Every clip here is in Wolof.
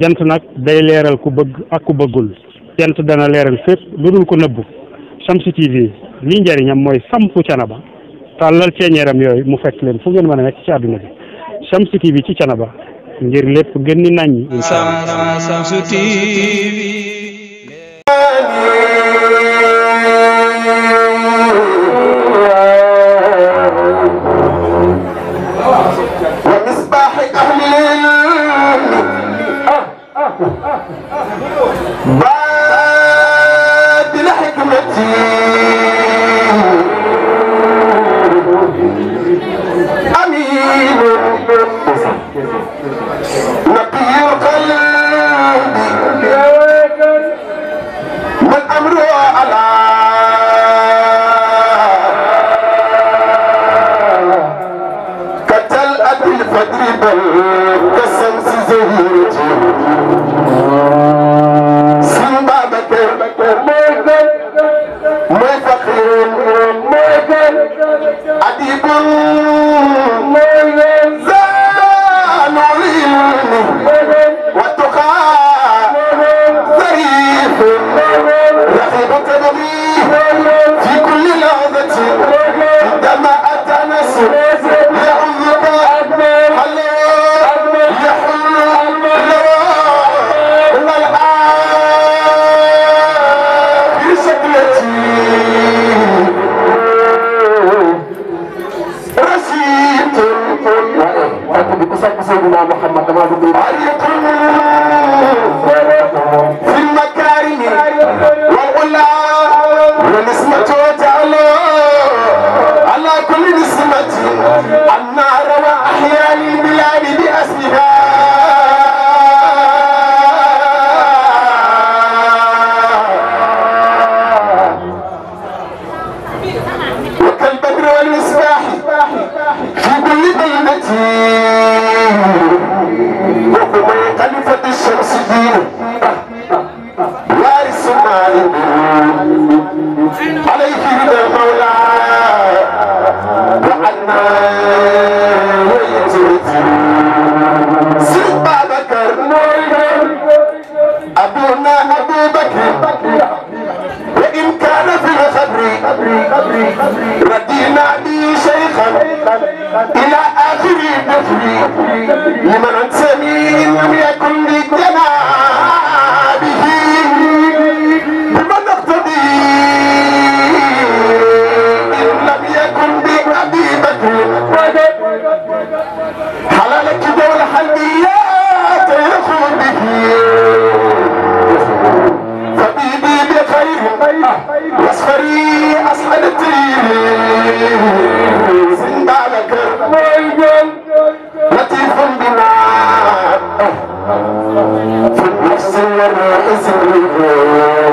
jant nag day leeral ku bëgg ak ku bëggul jant dana leeral fépp lu dul ko nëbbu Shamsu TV lii njëriñam mooy sampu canaba tàllal ceeñeeram yooyu mu fekk leen fu ngeen mën a nekk ci àdduna bi Shamsu TV ci canaba ngir lépp gën ni naññi. Gracias, asfari asaliti zindala kër latifun bima fi nafsi wa ma isri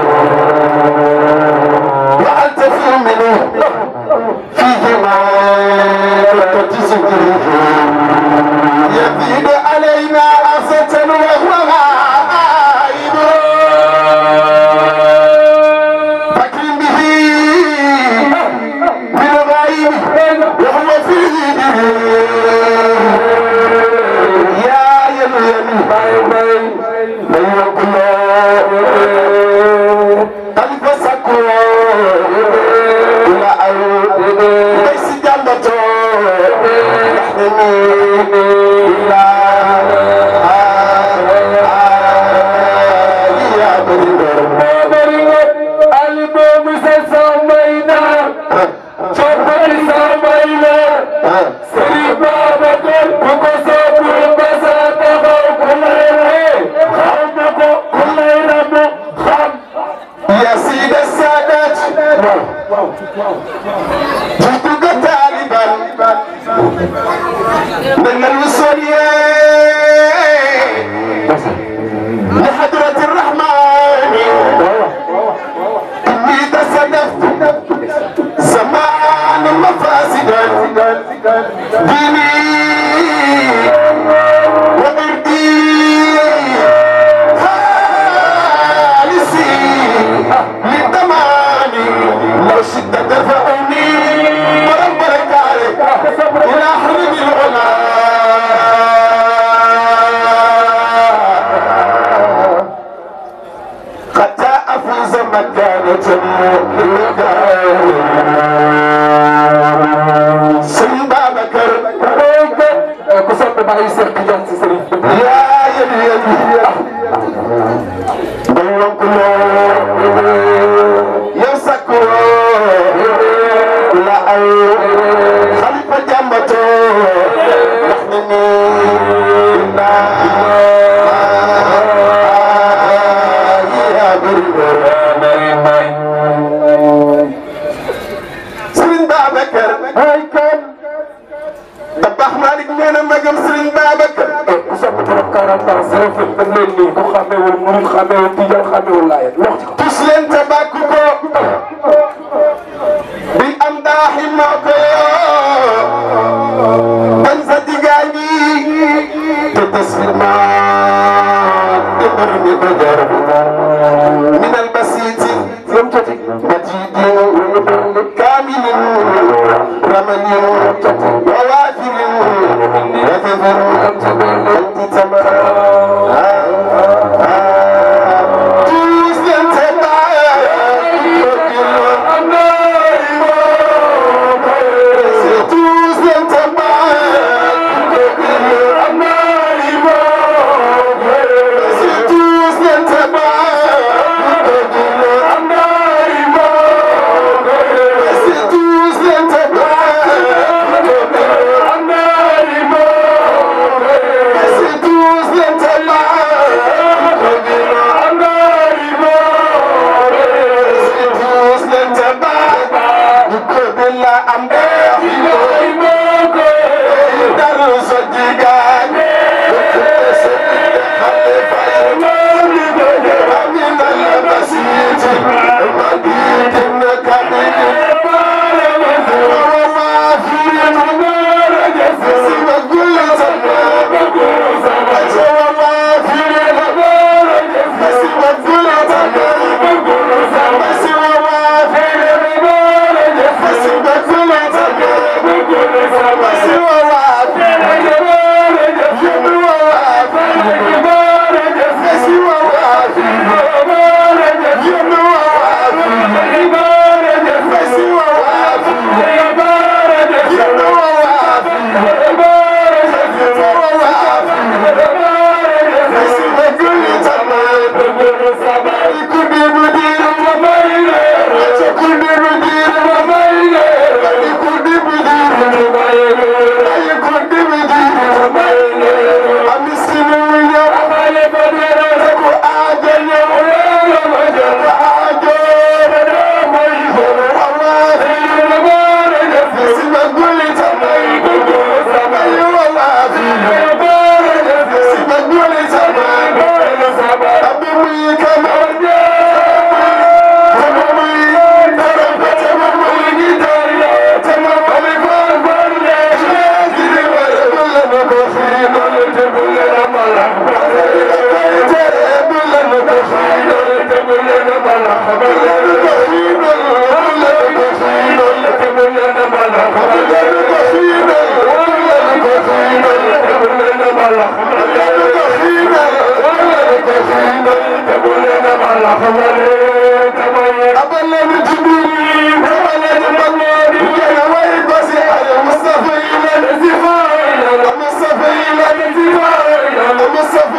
Marcita. Mustafa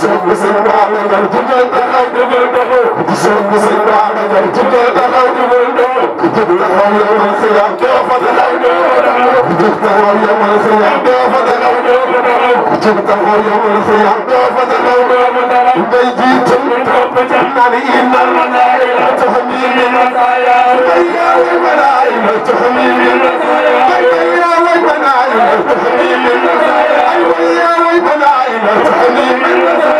Listen, listen, listen, taxaw jubal taxaw jubal taxaw. sëñ bi sëñ Ba la jël jubal taxaw jubal taxaw. jub taxaw yemal si yàq doo fa taxaw doo fa taxaw. jub taxaw yemal si yàq doo fa taxaw doo fa taxaw. jub taxaw yemal si yàq doo fa taxaw doo fa taxaw. ngay jiitu. naan innal malaa'ika tu'minu bil malaa'ika. ngay yaa wal malaa'ika tu'minu bil malaa'ika. ngay yaa wal malaa'ika tu'minu bil malaa'ika. ay way yaa wal malaa'ika tu'minu bil malaa'ika.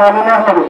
Gracias.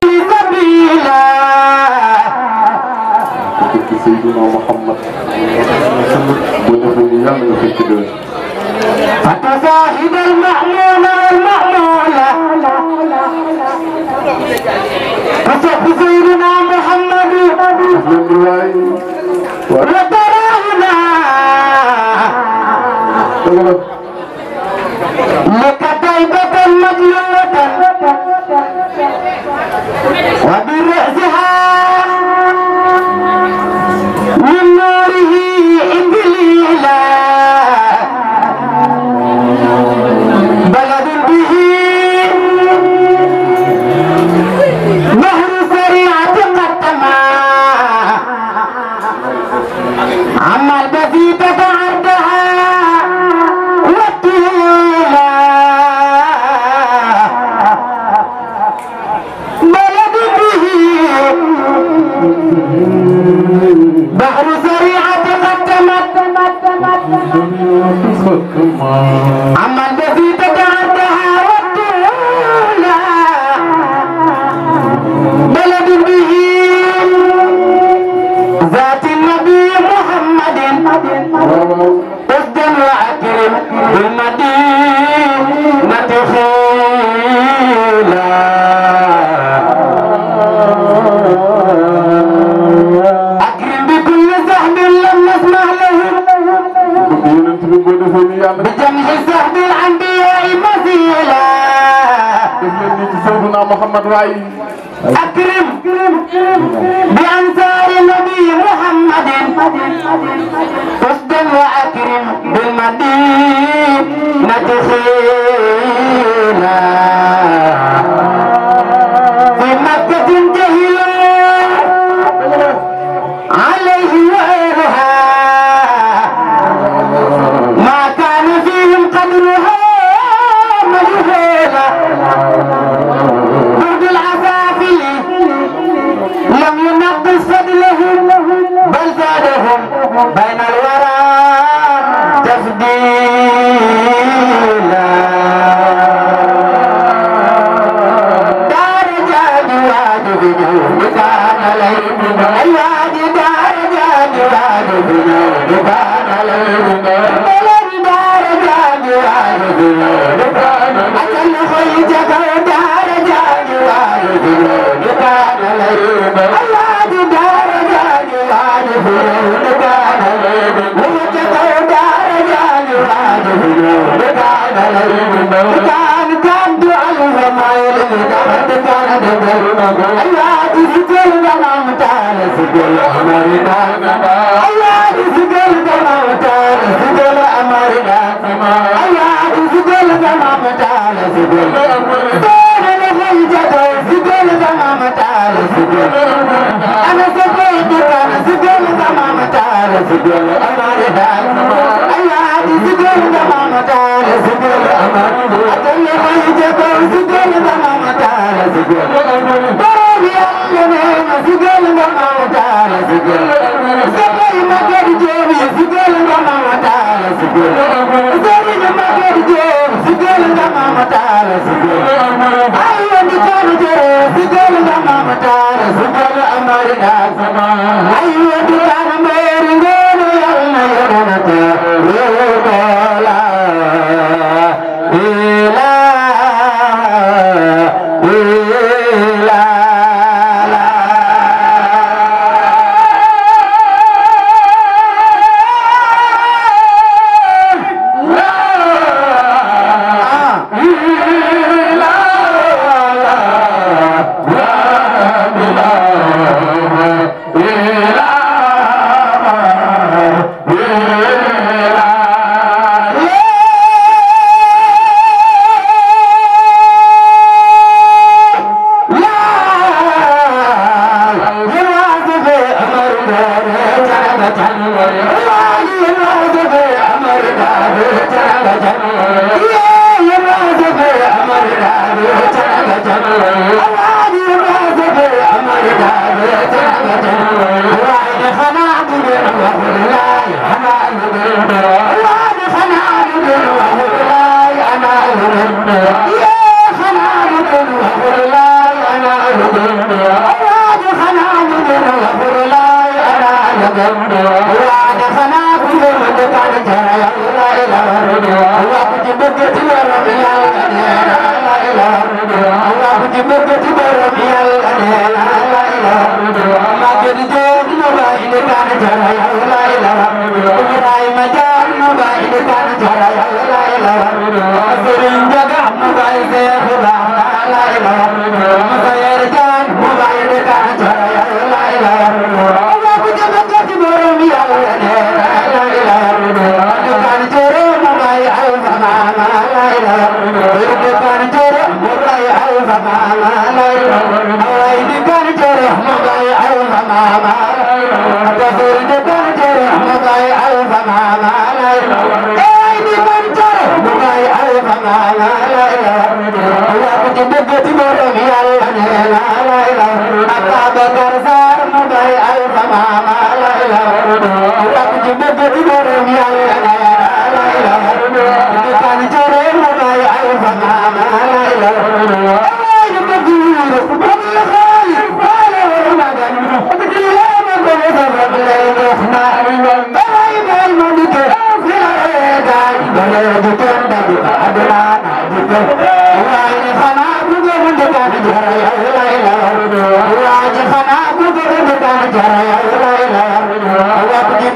Muhammad waay akrim bi ansaari nabi Muhammadin usdan wa akrim bil madinati xiina Ana sukul kita, sukul sama. Ayo, di tanah moo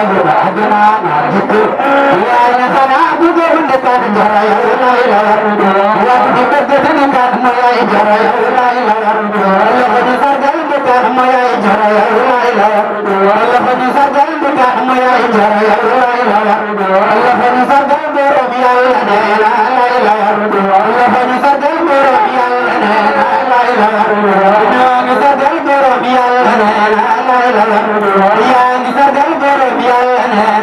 يعمل بعدنا ما ذكر وإياك نعبد لقد جرينا إلى الأرض وقد كذبنا كهم يا جرينا إلى الأرض لقد سجلت كهم يا جرينا إلى الأرض لقد سجلت كهم يا جرينا إلى الأرض لقد سجلت ربيا لنا إلى الأرض لقد سجلت ربيا لنا إلى الأرض لقد سجلت ربيا لنا إلى الأرض يا سجلت Yeah!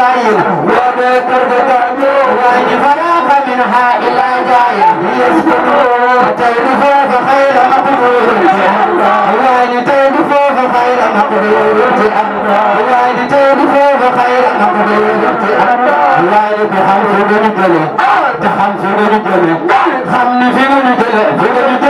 جبل وبقرب تأمره وإن فراغ منها إلى جاي يسكنون تلفوا فخير مقبول وإن تلفوا فخير مقبول وإن تلفوا فخير مقبول وإن بحمس بن جلي بحمس بن جلي خمس بن جلي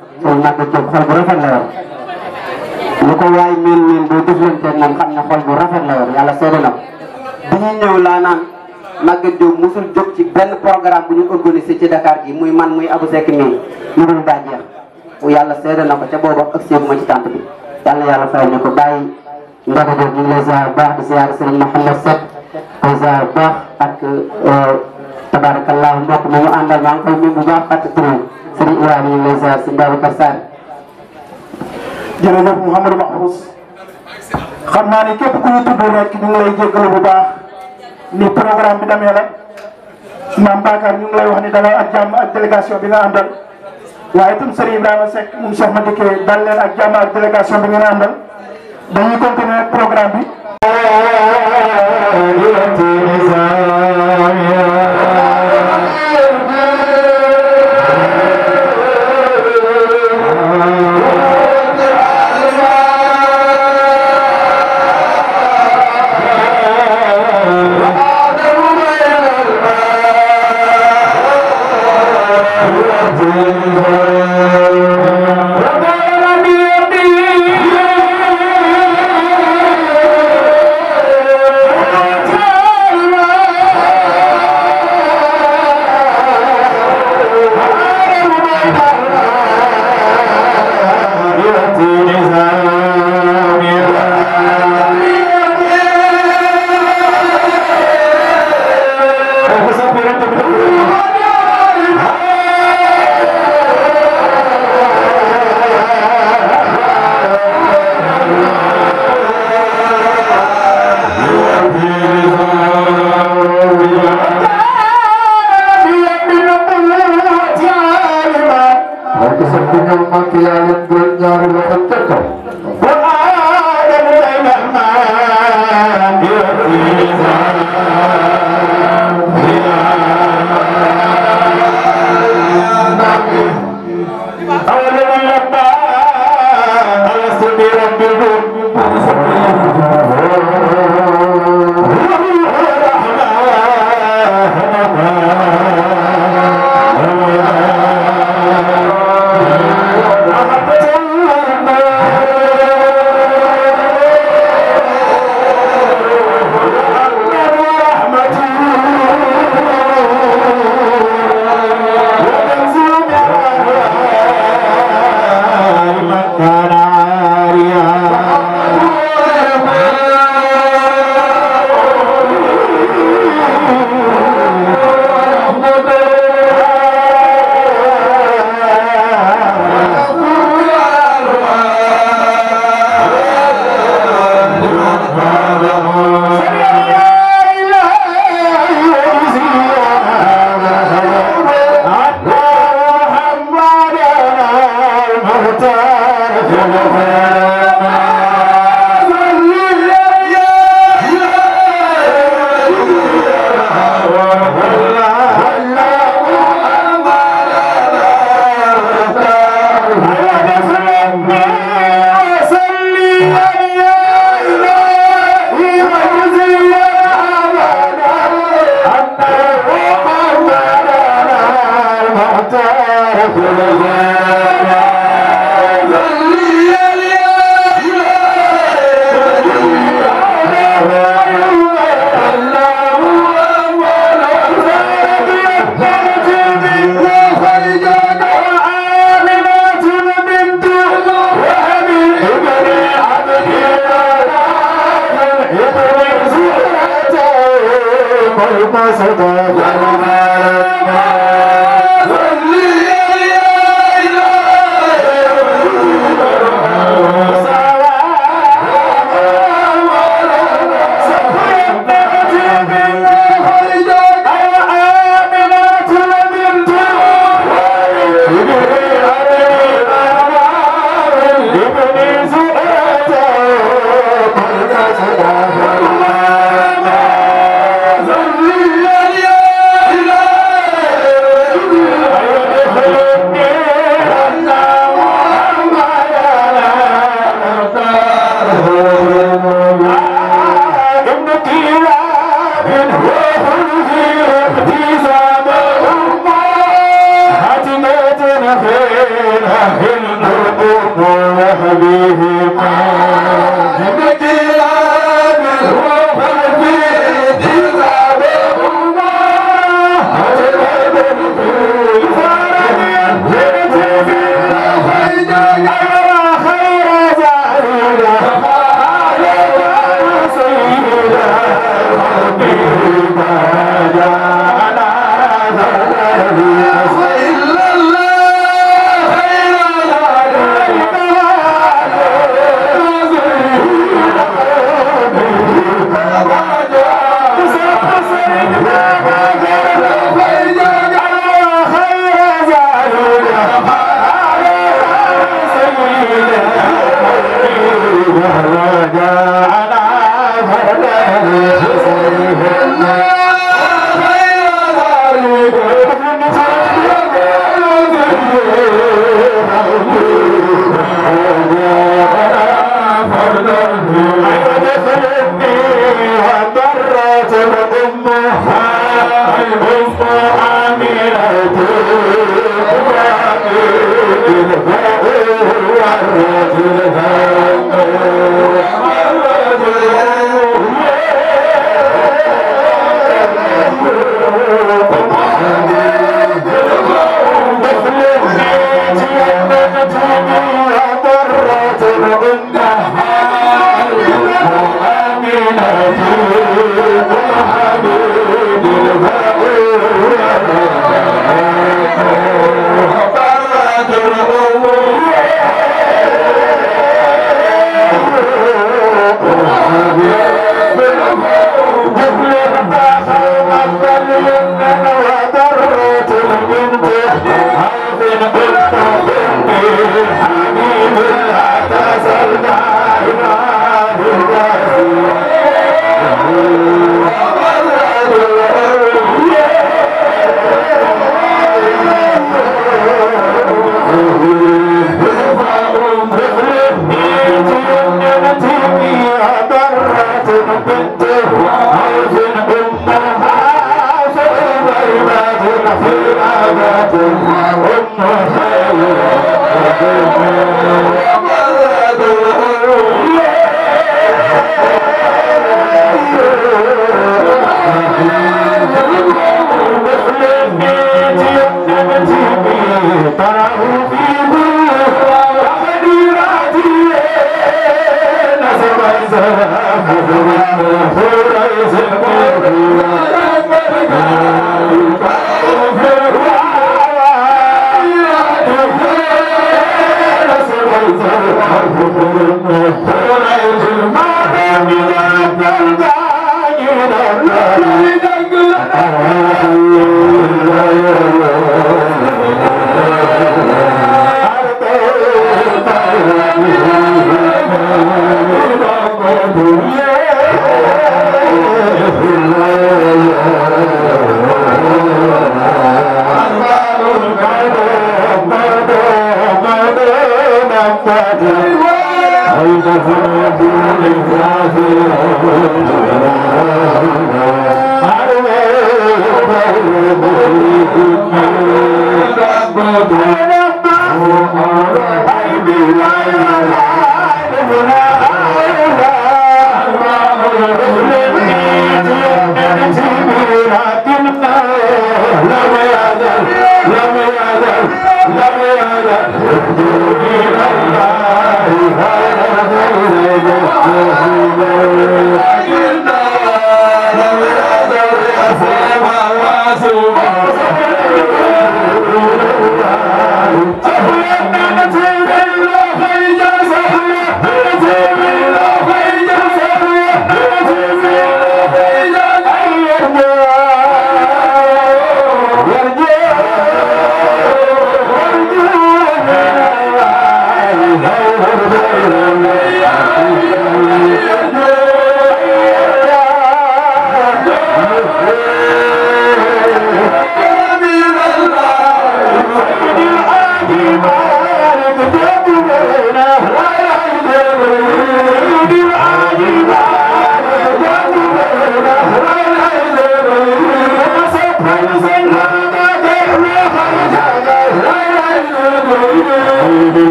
moom a Diop xol bu rafet la yor lu ko waay miin miin boo jëflanteeg moom xam ne xol bu rafet la yor yàlla seede na bi ñuy ñëw laa naan Màggat Diop mosul jóg ci benn programme bu ñu organisé ci Dakar gi muy man muy abu Seck mii lu dul daa jeex yàlla seede na ko ca boobu ak seebu ma ci tànt bi yàlla yàlla fay ne ko bàyyi Mbacké Diop ñu ngi lay ziar bu baax di ziar Serigne baax ak euh, tabarakallah mo ko anda ngang ko mi buga sri wali leza sindar kasan jërëjëf Mouhamadou Mahfouz xam naa ne képp ku ñu tudd rek ñu ngi lay jégalu bu baax ni programme bi demee la maam Bakar ñu ngi lay wax ni dalal ak jàmm ak délégation bi Hare Hare Hare Hare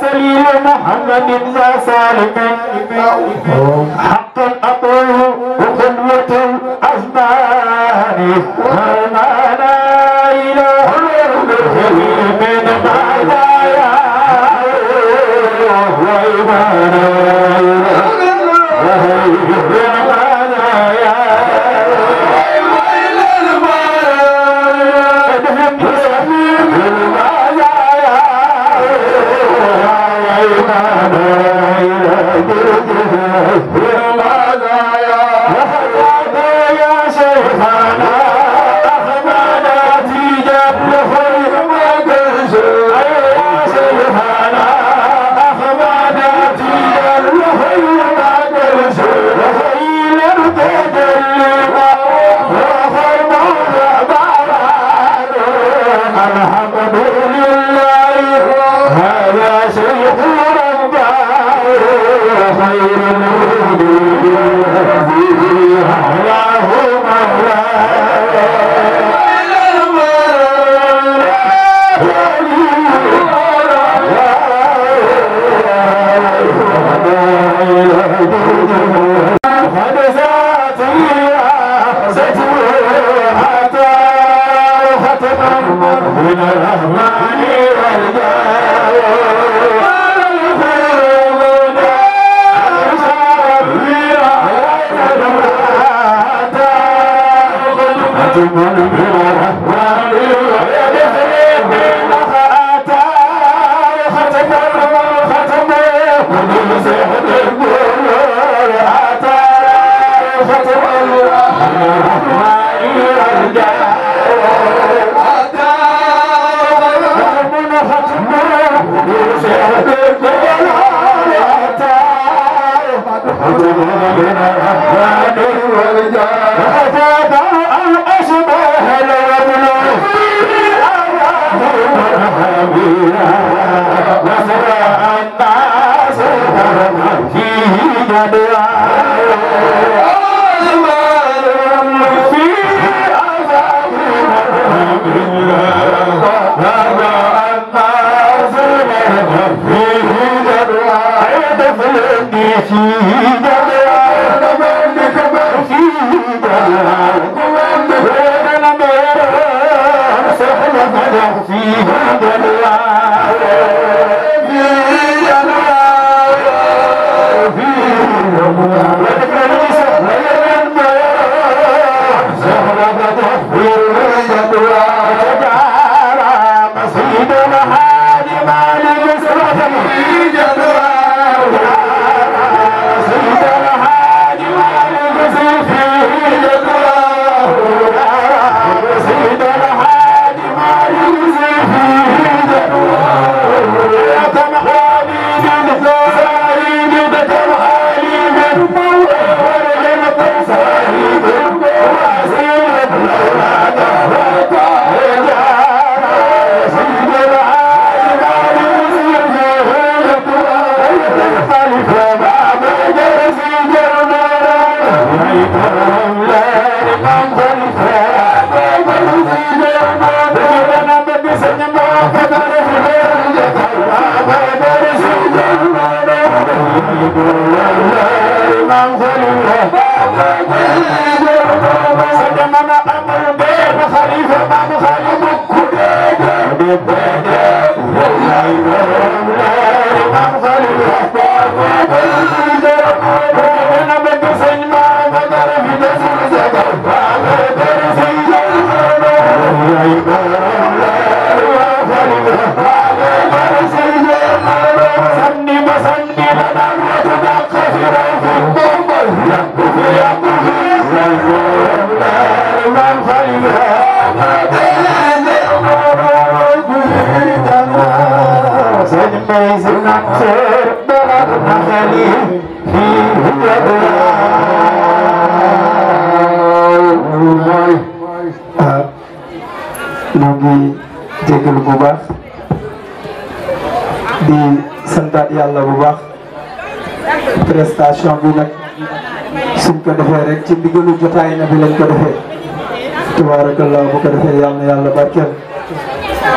سليم محمد ما سالم حقا أطوه وخلوة أزماني وما لا إله من بعد يا وإيمانا I'm not going to émission bi nag ci ndigalu jotaay na bi lañ ko defee tabaarakallaa bu ko defee yàlla na yàlla barkeel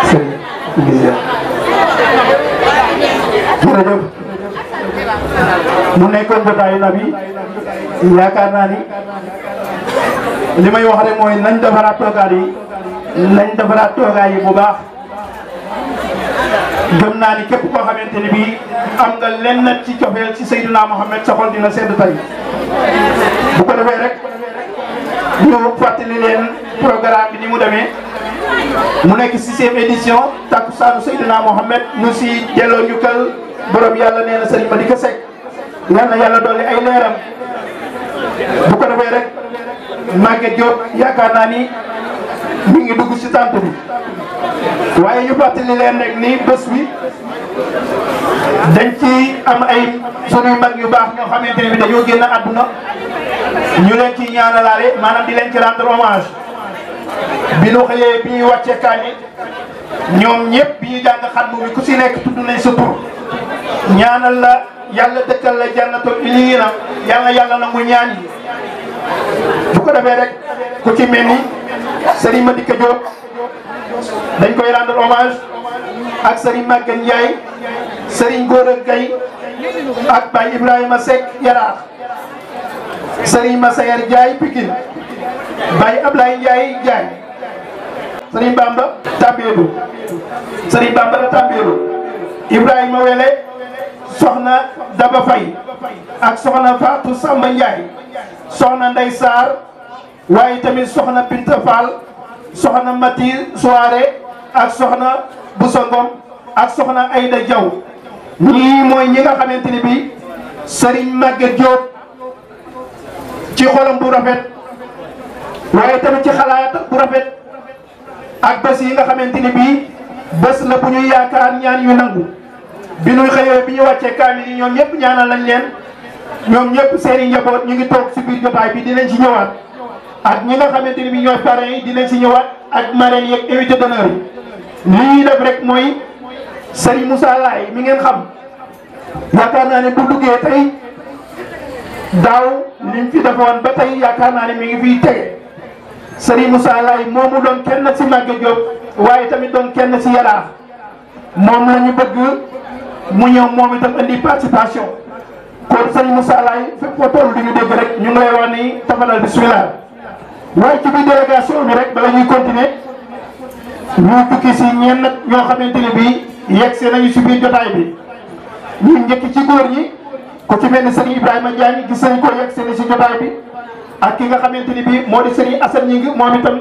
sëñ Lise jërëjëf mu na bi yaakaar naa ni li may wax mooy nañ defaraat toogaay yi nañ defaraat bu baax gëm naa ni képp koo xamante ni am nga lenn ci cofeel ci Seydina Mohamed sa xol dina sedd tay bu ko defee rek ñu fàttali leen programme bi ni mu demee mu nekk sixième édition takkusaanu Seydina Mohamed mu si delloo njukkal borom yàlla nee na Serigne Madick Seck yal na yàlla dolli ay leeram bu ko defee rek Maguette Diop yaakaar naa ni mi ngi dugg si tànt bi waaye ñu fàttali leen rek ni bés bi dañ ci am ay sunuy mag yu baax ñoo xamante ne bi dañoo génn àdduna ñu leen ci ñaanalaale maanaam di leen ci rendre hommage bi ñu xëyee bi ñuy wàccee kaani ñoom ñëpp bi ñuy jàng xatmu bi ku si nekk tudd nañ sa tur ñaanal la yàlla dëkkal la jànnatul iliyina yàlla yàlla ñaan yi bu ko defee rek ku ci mel ni Serigne Madika Diop dañ koy rendre hommage ak Serigne Maguette Ndiaye Serigne Gora Gueye ak Baye Ibrahima Seck Yaraax Serigne Massayar Ndiaye Pikine Baye Ablaye Ndiaye Ndiaye Serigne Bamba Tambédou Serigne Bamba la Tambédou Ibrahima Wele soxna Daba Faye ak soxna Fatou Samba Ndiaye soxna Ndey Sarr waaye tamit soxna Binta Fall soxna Mati Soare ak soxna Boussa ak soxna Aïda Diaw ñii mooy ñi nga xamante ni bii Serigne Maguette Diop ci xolam bu rafet waaye tamit ci xalaat bu rafet ak bés yi nga xamante ni bii bes la bu ñuy yaakaar ñaan yu nangu bi ñuy xëyee bi ñu wàccee kaamil yi ñoom ñëpp ñaanal lañ leen ñoom ñëpp seen i njaboot ñu ngi toog si biir jotaay bi dinañ ci ñëwaat ak ñi nga xamante ni bii ñooy parrain yi dinañ ci ñëwaat ak marraine yi ak invité d'honneur yi li ñuy def rek mooy. Serigne Moussa Laye mi ngeen xam yaakaar naa ne bu duggee tey daaw liñ fi defoon ba tey yaakaar naa ne mi ngi fiy tege Serigne Moussa Laye moomu doon kenn si Maguette Diop waaye tamit doon kenn si Yaraax moom la ñu bëgg mu ñëw moom itam indi participation kon Serigne Moussa Laye fépp foo toll di ñu dégg rek ñu ngi lay wax ni tafalal bismillah waaye ci biir délégation bi rek bala ñuy continuer ñu tukki si ñenn ñoo xamante ne bi yegsi nañu ci biir jotaay bi ñu njëkk ci góor ñi ku ci mel ni sëriñ Ibrahima Ndiaye gis nañ ko yegsi na ci jotaay bi ak ki nga xamante ni bii moo di sëriñ Assane ñi ngi moom itam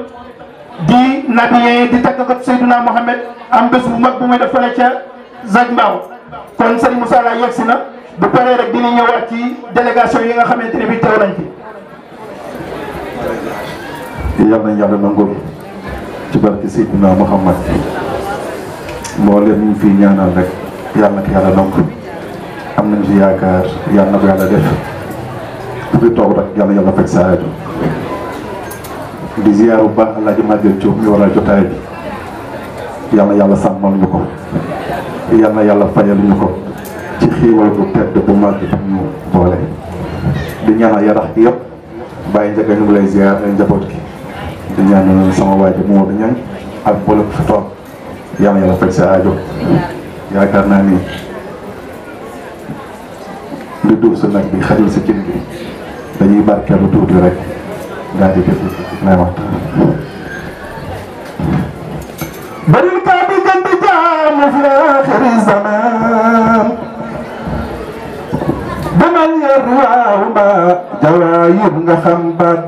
di nabiyee di tàggat Seydouna Mohamed am bés bu mag bu muy def fële ca Zag Mbaaw kon sëriñ Moussa Laye yegsi na bu paree rek dina ñëwaat ci délégation yi nga xamante ni bii teew bi fi. yal nañ yàlla nangu ci barke Seydouna Mohamed. mboolem ñu fi ñaanal rek yàlla ak yàlla donc am nañ ci yaakaar yàlla na ko yàlla def ku fi toog rek yàlla yàlla fekk saa di ziyaaru ba El Hadj Madiène Diop mi waral jotaay bi yàlla yàlla sàmmal ñu ko yàlla yàlla fayal ñu ko ci xiiwal bu tedd bu mag bi ñu boole. di ñaanal yarax gi yëpp bàyyi njëkk ñu ngi lay ziyaar njabot gi di ñaanal sama waa ji moo di ñañ ak mboolem fi toog. yàlla yàlla faj sa aajo yaakaar naa ni lu bi xajal sa cin bi dañuy barkeelu tuuti rek daal di def may waxtaan baril kaa fi aaxiri zaman damal yarwaaw ma jawaayib nga xam baat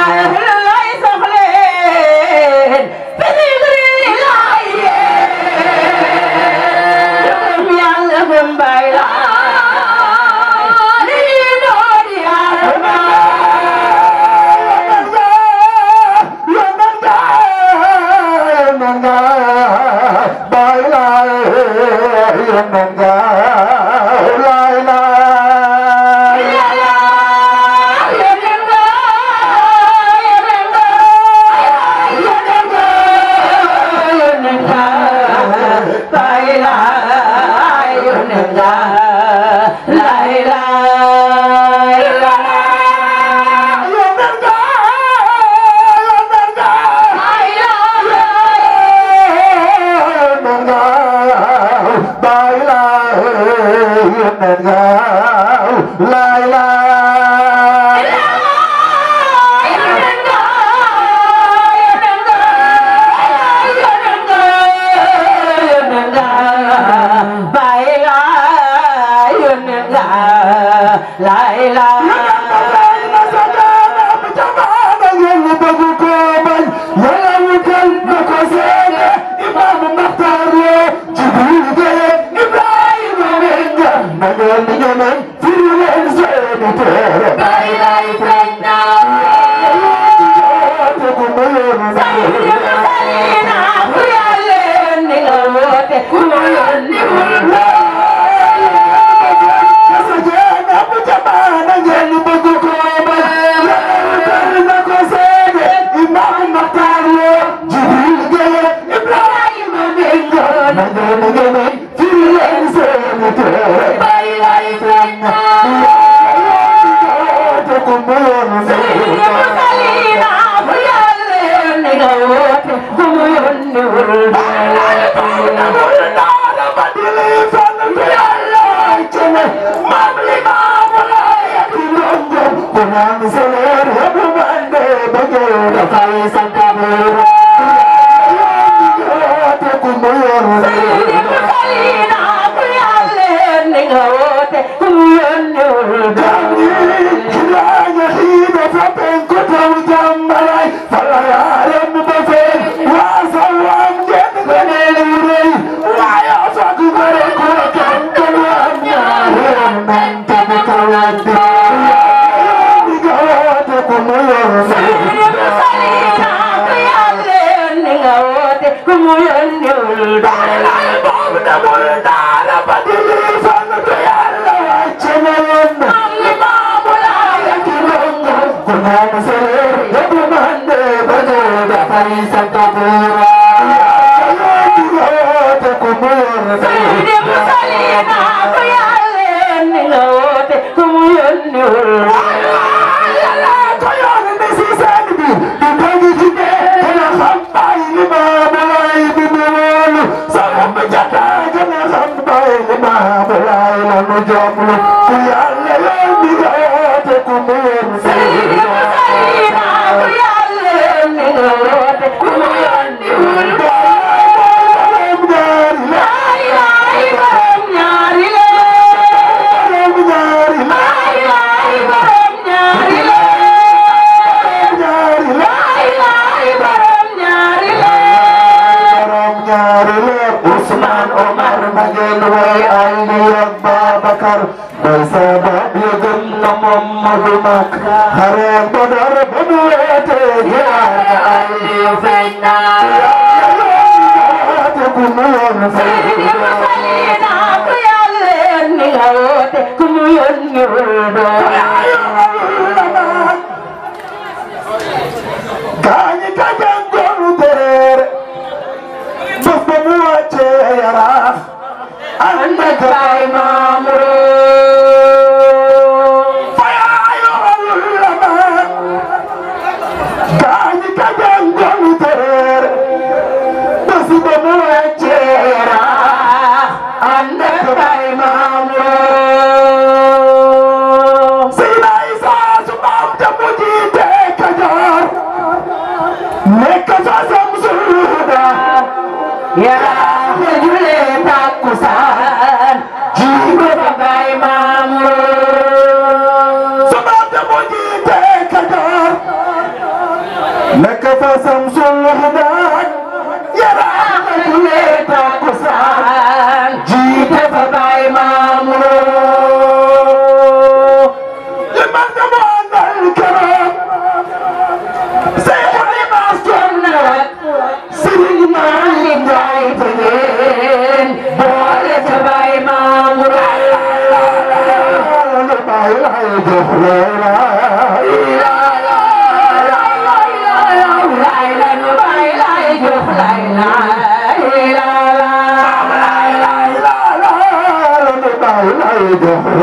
Samsung.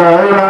Right.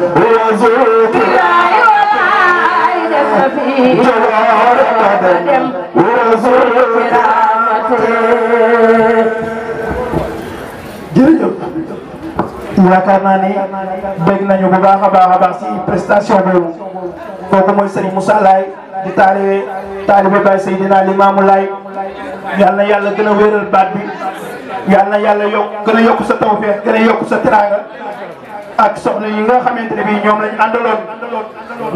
ويزوك إلهي ولا يدف في جوار أبدا ويزوك رحمتي yaakaar naa ne dégg nañu bu baax a baax a baax si prestation boobu kooku mooy Serigne Moussa Laye di taalibe taalibe Baye Seydina Limaamu Laye yal na yàlla gën a wéeral baat bi yal na yàlla yokk gën a yokk sa tawfeex gën a yokk sa teraanga ak soxna yi nga xamante ne bii ñoom lañ àndaloon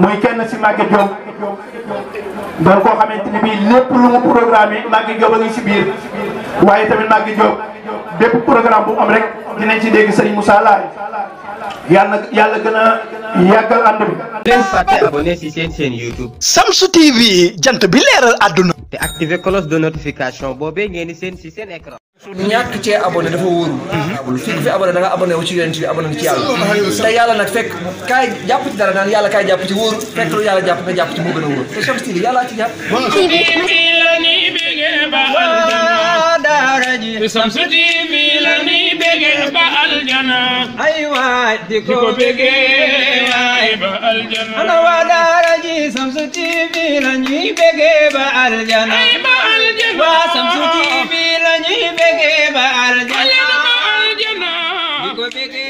muy kenn si Maguette Diop doon koo xamante ne bii lépp lu mu programme Maguette Diop a ngi si biir waaye tamit Maguette Diop bépp programme bu am rek dinañ ci dégg Serigne Moussa Laye yàlla yàlla gën a yàggal ànd bi. leen fàtte abonné si seen seen YouTube. Samsu TV jant bi leeral àdduna. te activer cloche de notification boobee ngeen di seen si seen écran. ñàkk cee abonné dafa wóorul. Mhm. fii fi abonné da nga abonné ci yonent ci yàlla. te yàlla nag fekk ci dara naan yàlla kaay jàpp ci wóorul. fekk lu yàlla jàpp ci moo gën a wóor te ci jàpp. daaraji bisam suti bi la ni ba aljana ay waay di ko bege waay ba aljana ana ba aljana ay ba aljana waa ba aljana